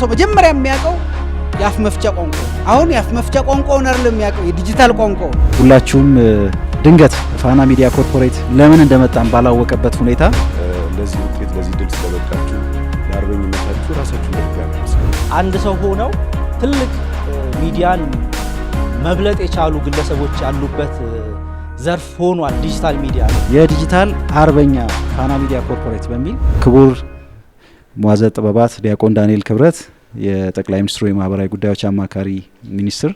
ሰው መጀመሪያ የሚያውቀው የአፍ መፍቻ ቋንቋ አሁን የአፍ መፍቻ ቋንቋውን አይደለም የሚያውቀው የዲጂታል ቋንቋ። ሁላችሁም ድንገት ፋና ሚዲያ ኮርፖሬት ለምን እንደመጣን ባላወቀበት ሁኔታ ለዚህ ውጤት ለዚህ ድል ስለበቃችሁ ለአርበኝነታችሁ ራሳችሁ አንድ ሰው ሆነው ትልቅ ሚዲያን መብለጥ የቻሉ ግለሰቦች ያሉበት ዘርፍ ሆኗል ዲጂታል ሚዲያ። የዲጂታል አርበኛ ፋና ሚዲያ ኮርፖሬት በሚል ክቡር ሟዘ ጥበባት ዲያቆን ዳንኤል ክብረት የጠቅላይ ሚኒስትሩ የማህበራዊ ጉዳዮች አማካሪ ሚኒስትር፣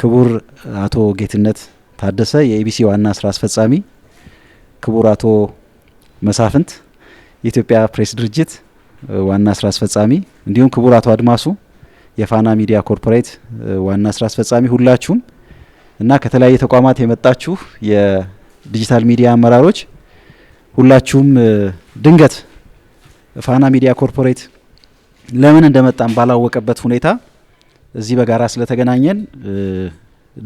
ክቡር አቶ ጌትነት ታደሰ የኢቢሲ ዋና ስራ አስፈጻሚ፣ ክቡር አቶ መሳፍንት የኢትዮጵያ ፕሬስ ድርጅት ዋና ስራ አስፈጻሚ፣ እንዲሁም ክቡር አቶ አድማሱ የፋና ሚዲያ ኮርፖሬት ዋና ስራ አስፈጻሚ፣ ሁላችሁም እና ከተለያየ ተቋማት የመጣችሁ የዲጂታል ሚዲያ አመራሮች ሁላችሁም ድንገት ፋና ሚዲያ ኮርፖሬት ለምን እንደመጣም ባላወቀበት ሁኔታ እዚህ በጋራ ስለተገናኘን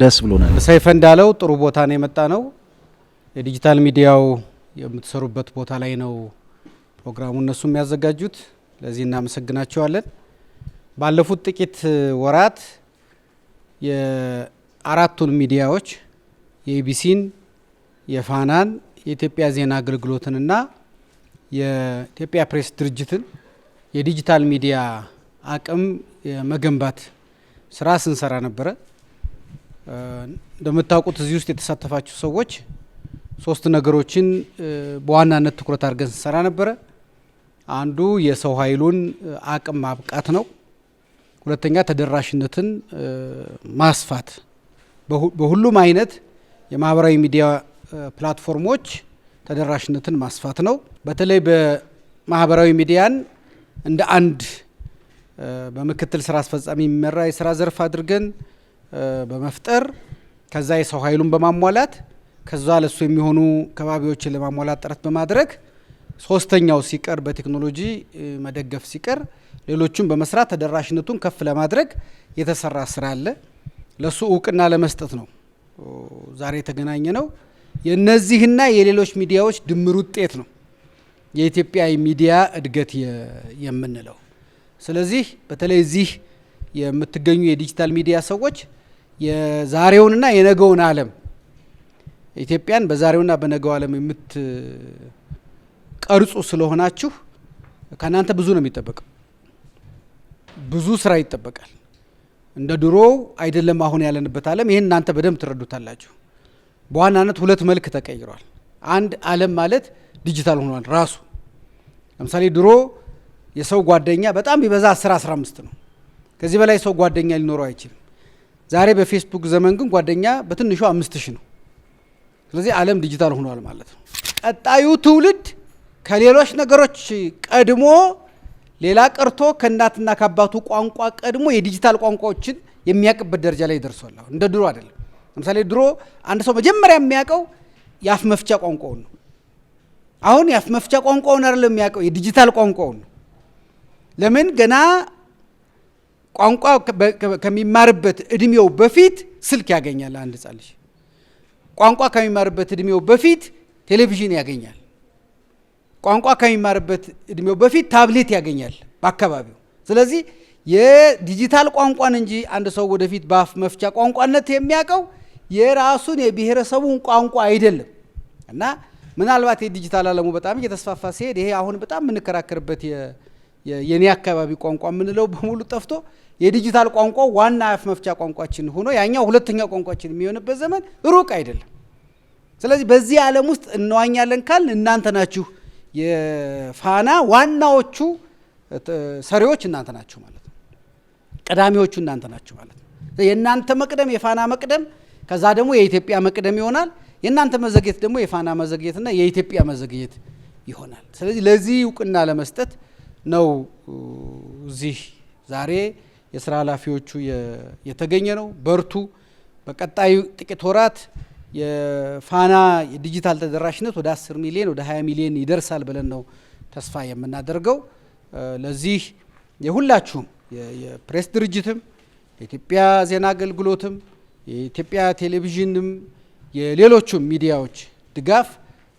ደስ ብሎናል። ሰይፈ እንዳለው ጥሩ ቦታ ነው የመጣ ነው። የዲጂታል ሚዲያው የምትሰሩበት ቦታ ላይ ነው ፕሮግራሙ እነሱ የሚያዘጋጁት። ለዚህ እናመሰግናቸዋለን። ባለፉት ጥቂት ወራት የአራቱን ሚዲያዎች የኢቢሲን፣ የፋናን፣ የኢትዮጵያ ዜና አገልግሎትንና የኢትዮጵያ ፕሬስ ድርጅትን የዲጂታል ሚዲያ አቅም የመገንባት ስራ ስንሰራ ነበረ። እንደምታውቁት እዚህ ውስጥ የተሳተፋችሁ ሰዎች ሶስት ነገሮችን በዋናነት ትኩረት አድርገን ስንሰራ ነበረ። አንዱ የሰው ኃይሉን አቅም ማብቃት ነው። ሁለተኛ ተደራሽነትን ማስፋት፣ በሁሉም አይነት የማህበራዊ ሚዲያ ፕላትፎርሞች ተደራሽነትን ማስፋት ነው። በተለይ በማህበራዊ ሚዲያን እንደ አንድ በምክትል ስራ አስፈጻሚ የሚመራ የስራ ዘርፍ አድርገን በመፍጠር ከዛ የሰው ኃይሉን በማሟላት ከዛ ለሱ የሚሆኑ ከባቢዎችን ለማሟላት ጥረት በማድረግ ሶስተኛው ሲቀር በቴክኖሎጂ መደገፍ ሲቀር ሌሎቹን በመስራት ተደራሽነቱን ከፍ ለማድረግ የተሰራ ስራ አለ። ለሱ እውቅና ለመስጠት ነው ዛሬ የተገናኘ ነው። የእነዚህና የሌሎች ሚዲያዎች ድምር ውጤት ነው የኢትዮጵያ ሚዲያ እድገት የምንለው። ስለዚህ በተለይ እዚህ የምትገኙ የዲጂታል ሚዲያ ሰዎች የዛሬውንና የነገውን ዓለም ኢትዮጵያን በዛሬውና በነገው ዓለም የምትቀርጹ ስለሆናችሁ ከእናንተ ብዙ ነው የሚጠበቀው። ብዙ ስራ ይጠበቃል። እንደ ድሮው አይደለም። አሁን ያለንበት ዓለም ይህን እናንተ በደንብ ትረዱታላችሁ። በዋናነት ሁለት መልክ ተቀይሯል። አንድ ዓለም ማለት ዲጂታል ሆኗል ራሱ። ለምሳሌ ድሮ የሰው ጓደኛ በጣም ቢበዛ 10 15 ነው። ከዚህ በላይ ሰው ጓደኛ ሊኖረው አይችልም። ዛሬ በፌስቡክ ዘመን ግን ጓደኛ በትንሹ አምስት ነው። ስለዚህ ዓለም ዲጂታል ሆኗል ማለት ነው። ቀጣዩ ትውልድ ከሌሎች ነገሮች ቀድሞ ሌላ ቀርቶ ከእናትና ከአባቱ ቋንቋ ቀድሞ የዲጂታል ቋንቋዎችን የሚያውቅበት ደረጃ ላይ ደርሷል። እንደ ድሮ አይደለም። ለምሳሌ ድሮ አንድ ሰው መጀመሪያ የሚያውቀው የአፍ መፍቻ ቋንቋውን ነው። አሁን የአፍ መፍቻ ቋንቋውን አይደለም የሚያውቀው የዲጂታል ቋንቋውን ነው። ለምን ገና ቋንቋ ከሚማርበት እድሜው በፊት ስልክ ያገኛል። አንድ ሕፃን ልጅ ቋንቋ ከሚማርበት እድሜው በፊት ቴሌቪዥን ያገኛል። ቋንቋ ከሚማርበት እድሜው በፊት ታብሌት ያገኛል በአካባቢው። ስለዚህ የዲጂታል ቋንቋን እንጂ አንድ ሰው ወደፊት በአፍ መፍቻ ቋንቋነት የሚያውቀው የራሱን የብሔረሰቡን ቋንቋ አይደለም እና ምናልባት የዲጂታል አለሙ በጣም እየተስፋፋ ሲሄድ ይሄ አሁን በጣም የምንከራከርበት የኔ አካባቢ ቋንቋ የምንለው በሙሉ ጠፍቶ የዲጂታል ቋንቋ ዋና አፍ መፍቻ ቋንቋችን ሆኖ ያኛው ሁለተኛ ቋንቋችን የሚሆንበት ዘመን ሩቅ አይደለም። ስለዚህ በዚህ ዓለም ውስጥ እንዋኛለን ካል እናንተ ናችሁ የፋና ዋናዎቹ ሰሪዎች እናንተ ናችሁ ማለት ነው። ቀዳሚዎቹ እናንተ ናችሁ ማለት ነው። የእናንተ መቅደም የፋና መቅደም ከዛ ደግሞ የኢትዮጵያ መቅደም ይሆናል። የእናንተ መዘግየት ደግሞ የፋና መዘግየትና የኢትዮጵያ መዘግየት ይሆናል። ስለዚህ ለዚህ እውቅና ለመስጠት ነው እዚህ ዛሬ የስራ ኃላፊዎቹ የተገኘ ነው። በርቱ። በቀጣዩ ጥቂት ወራት የፋና የዲጂታል ተደራሽነት ወደ 10 ሚሊዮን ወደ 20 ሚሊዮን ይደርሳል ብለን ነው ተስፋ የምናደርገው። ለዚህ የሁላችሁም የፕሬስ ድርጅትም የኢትዮጵያ ዜና አገልግሎትም የኢትዮጵያ ቴሌቪዥንም የሌሎቹ ሚዲያዎች ድጋፍ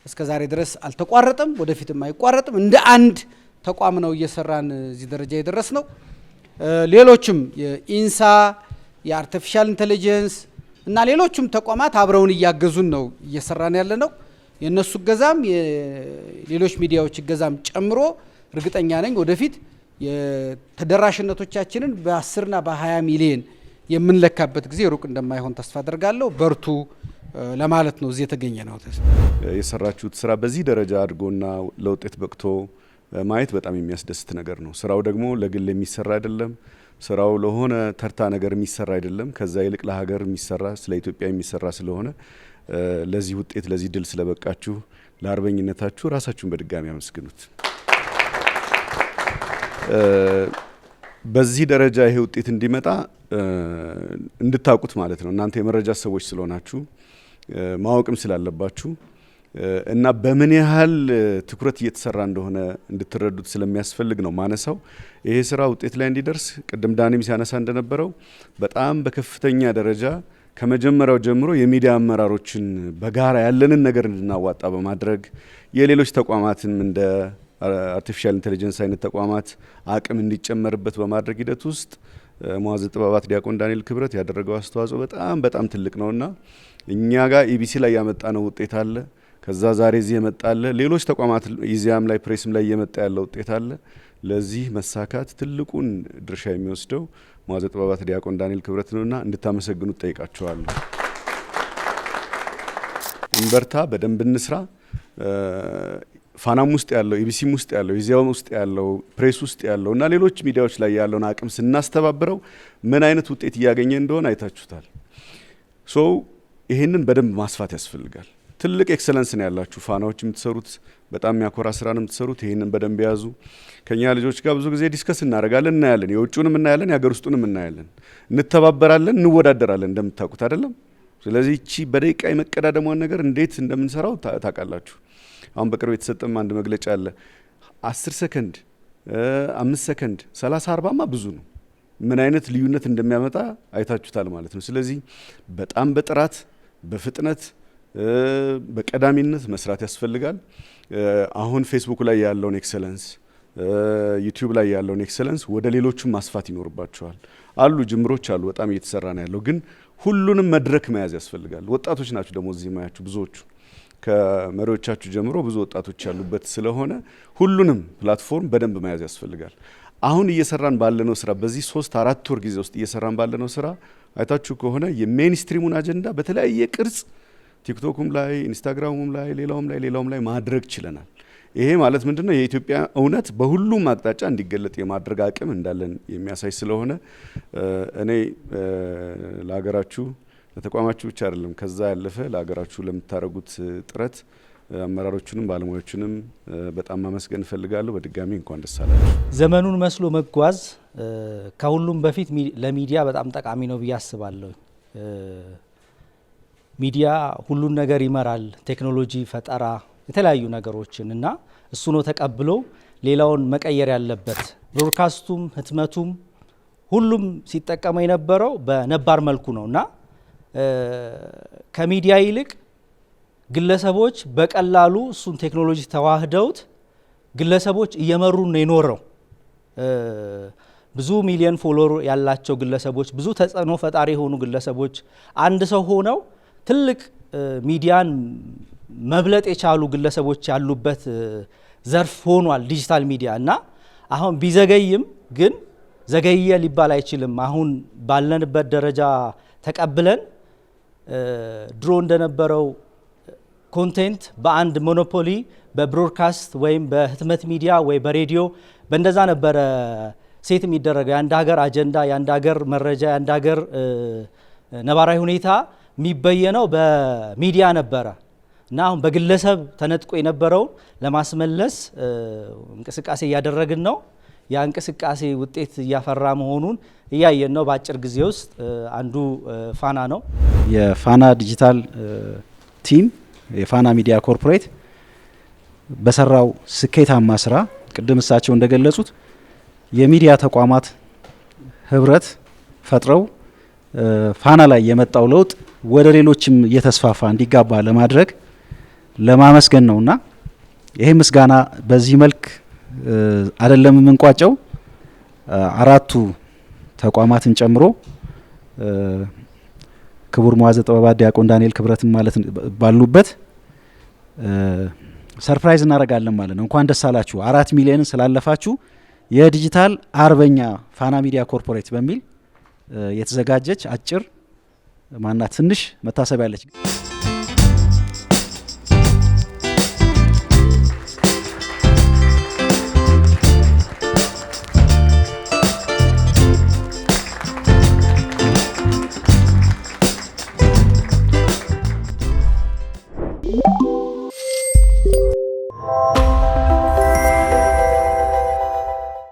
እስከዛሬ ድረስ አልተቋረጠም፣ ወደፊትም አይቋረጥም። እንደ አንድ ተቋም ነው እየሰራን እዚህ ደረጃ የደረስ ነው። ሌሎችም የኢንሳ የአርቲፊሻል ኢንቴሊጀንስ እና ሌሎችም ተቋማት አብረውን እያገዙን ነው እየሰራን ያለ ነው። የእነሱ እገዛም የሌሎች ሚዲያዎች እገዛም ጨምሮ እርግጠኛ ነኝ ወደፊት የተደራሽነቶቻችንን በአስርና በሀያ ሚሊየን የምንለካበት ጊዜ ሩቅ እንደማይሆን ተስፋ አደርጋለሁ። በርቱ ለማለት ነው እዚህ የተገኘ ነው። የሰራችሁት ስራ በዚህ ደረጃ አድጎና ለውጤት በቅቶ ማየት በጣም የሚያስደስት ነገር ነው። ስራው ደግሞ ለግል የሚሰራ አይደለም። ስራው ለሆነ ተርታ ነገር የሚሰራ አይደለም። ከዛ ይልቅ ለሀገር የሚሰራ ስለ ኢትዮጵያ የሚሰራ ስለሆነ ለዚህ ውጤት ለዚህ ድል ስለበቃችሁ ለአርበኝነታችሁ ራሳችሁን በድጋሚ አመስግኑት። በዚህ ደረጃ ይሄ ውጤት እንዲመጣ እንድታውቁት ማለት ነው። እናንተ የመረጃ ሰዎች ስለሆናችሁ ማወቅም ስላለባችሁ እና በምን ያህል ትኩረት እየተሰራ እንደሆነ እንድትረዱት ስለሚያስፈልግ ነው ማነሳው። ይሄ ስራ ውጤት ላይ እንዲደርስ ቅድም ዳኒም ሲያነሳ እንደነበረው በጣም በከፍተኛ ደረጃ ከመጀመሪያው ጀምሮ የሚዲያ አመራሮችን በጋራ ያለንን ነገር እንድናዋጣ በማድረግ የሌሎች ተቋማትም እንደ አርቲፊሻል ኢንቴሊጀንስ አይነት ተቋማት አቅም እንዲጨመርበት በማድረግ ሂደት ውስጥ መዋዘ ጥበባት ዲያቆን ዳንኤል ክብረት ያደረገው አስተዋጽኦ በጣም በጣም ትልቅ ነውና እኛ ጋር ኢቢሲ e ላይ ያመጣ ነው ውጤት አለ። ከዛ ዛሬ እዚህ የመጣ አለ። ሌሎች ተቋማት ኢዚያም ላይ ፕሬስም ላይ እየመጣ ያለ ውጤት አለ። ለዚህ መሳካት ትልቁን ድርሻ የሚወስደው መዋዘ ጥበባት ዲያቆን ዳንኤል ክብረት ነውና እንድታመሰግኑ ጠይቃቸዋለሁ። እንበርታ፣ በደንብ እንስራ። ፋናም ውስጥ ያለው ኢቢሲም ውስጥ ያለው ኢዜአም ውስጥ ያለው ፕሬስ ውስጥ ያለው እና ሌሎች ሚዲያዎች ላይ ያለውን አቅም ስናስተባብረው ምን አይነት ውጤት እያገኘ እንደሆነ አይታችሁታል። ሶ ይህንን በደንብ ማስፋት ያስፈልጋል። ትልቅ ኤክሰለንስ ነው ያላችሁ ፋናዎች የምትሰሩት በጣም የሚያኮራ ስራ ነው የምትሰሩት። ይህንን በደንብ የያዙ ከኛ ልጆች ጋር ብዙ ጊዜ ዲስከስ እናደርጋለን፣ እናያለን፣ የውጭውንም እናያለን፣ የሀገር ውስጡንም እናያለን፣ እንተባበራለን፣ እንወዳደራለን። እንደምታውቁት አይደለም። ስለዚህ እቺ በደቂቃ የመቀዳደመን ነገር እንዴት እንደምንሰራው ታውቃላችሁ። አሁን በቅርብ የተሰጠም አንድ መግለጫ አለ። አስር ሰከንድ አምስት ሰከንድ ሰላሳ አርባማ ብዙ ነው። ምን አይነት ልዩነት እንደሚያመጣ አይታችሁታል ማለት ነው። ስለዚህ በጣም በጥራት በፍጥነት በቀዳሚነት መስራት ያስፈልጋል። አሁን ፌስቡክ ላይ ያለውን ኤክሰለንስ ዩቲዩብ ላይ ያለውን ኤክሰለንስ ወደ ሌሎቹም ማስፋት ይኖርባቸዋል። አሉ ጅምሮች አሉ፣ በጣም እየተሰራ ነው ያለው። ግን ሁሉንም መድረክ መያዝ ያስፈልጋል። ወጣቶች ናችሁ ደግሞ እዚህ ማያችሁ ብዙዎቹ ከመሪዎቻችሁ ጀምሮ ብዙ ወጣቶች ያሉበት ስለሆነ ሁሉንም ፕላትፎርም በደንብ መያዝ ያስፈልጋል። አሁን እየሰራን ባለነው ስራ በዚህ ሶስት አራት ወር ጊዜ ውስጥ እየሰራን ባለነው ስራ አይታችሁ ከሆነ የሜንስትሪሙን አጀንዳ በተለያየ ቅርጽ ቲክቶኩም ላይ ኢንስታግራሙም ላይ ሌላውም ላይ ሌላውም ላይ ማድረግ ችለናል። ይሄ ማለት ምንድነው? የኢትዮጵያ እውነት በሁሉም አቅጣጫ እንዲገለጥ የማድረግ አቅም እንዳለን የሚያሳይ ስለሆነ እኔ ለሀገራችሁ ለተቋማችሁ ብቻ አይደለም፣ ከዛ ያለፈ ለሀገራችሁ ለምታደርጉት ጥረት አመራሮቹንም ባለሙያዎቹንም በጣም ማመስገን እፈልጋለሁ። በድጋሚ እንኳን ደስ አላችሁ። ዘመኑን መስሎ መጓዝ ከሁሉም በፊት ለሚዲያ በጣም ጠቃሚ ነው ብዬ አስባለሁ። ሚዲያ ሁሉን ነገር ይመራል፣ ቴክኖሎጂ፣ ፈጠራ፣ የተለያዩ ነገሮችን እና እሱ ነው ተቀብሎ ሌላውን መቀየር ያለበት። ብሮድካስቱም ህትመቱም ሁሉም ሲጠቀመው የነበረው በነባር መልኩ ነው እና ከሚዲያ ይልቅ ግለሰቦች በቀላሉ እሱን ቴክኖሎጂ ተዋህደውት ግለሰቦች እየመሩ ነው የኖረው። ብዙ ሚሊዮን ፎሎወር ያላቸው ግለሰቦች፣ ብዙ ተጽዕኖ ፈጣሪ የሆኑ ግለሰቦች አንድ ሰው ሆነው ትልቅ ሚዲያን መብለጥ የቻሉ ግለሰቦች ያሉበት ዘርፍ ሆኗል ዲጂታል ሚዲያ እና አሁን ቢዘገይም ግን ዘገየ ሊባል አይችልም። አሁን ባለንበት ደረጃ ተቀብለን ድሮ እንደነበረው ኮንቴንት በአንድ ሞኖፖሊ በብሮድካስት ወይም በህትመት ሚዲያ ወይ በሬዲዮ በእንደዛ ነበረ ሴት የሚደረገው የአንድ ሀገር አጀንዳ የአንድ ሀገር መረጃ የአንድ ሀገር ነባራዊ ሁኔታ የሚበየነው በሚዲያ ነበረ እና አሁን በግለሰብ ተነጥቆ የነበረውን ለማስመለስ እንቅስቃሴ እያደረግን ነው። የእንቅስቃሴ ውጤት እያፈራ መሆኑን እያየን ነው። በአጭር ጊዜ ውስጥ አንዱ ፋና ነው። የፋና ዲጂታል ቲም የፋና ሚዲያ ኮርፖሬት በሰራው ስኬታማ ስራ ቅድም እሳቸው እንደገለጹት የሚዲያ ተቋማት ህብረት ፈጥረው ፋና ላይ የመጣው ለውጥ ወደ ሌሎችም እየተስፋፋ እንዲጋባ ለማድረግ ለማመስገን ነውና ይህ ምስጋና በዚህ መልክ አይደለም የምንቋጨው አራቱ ተቋማትን ጨምሮ ክቡር መዋዘ ጥበባት ዲያቆን ዳንኤል ክብረትን ማለት ባሉበት ሰርፕራይዝ እናደርጋለን ማለት ነው። እንኳን ደስ አላችሁ አራት ሚሊዮንን ስላለፋችሁ የዲጂታል አርበኛ ፋና ሚዲያ ኮርፖሬት በሚል የተዘጋጀች አጭር ማናት ትንሽ መታሰቢያ አለች።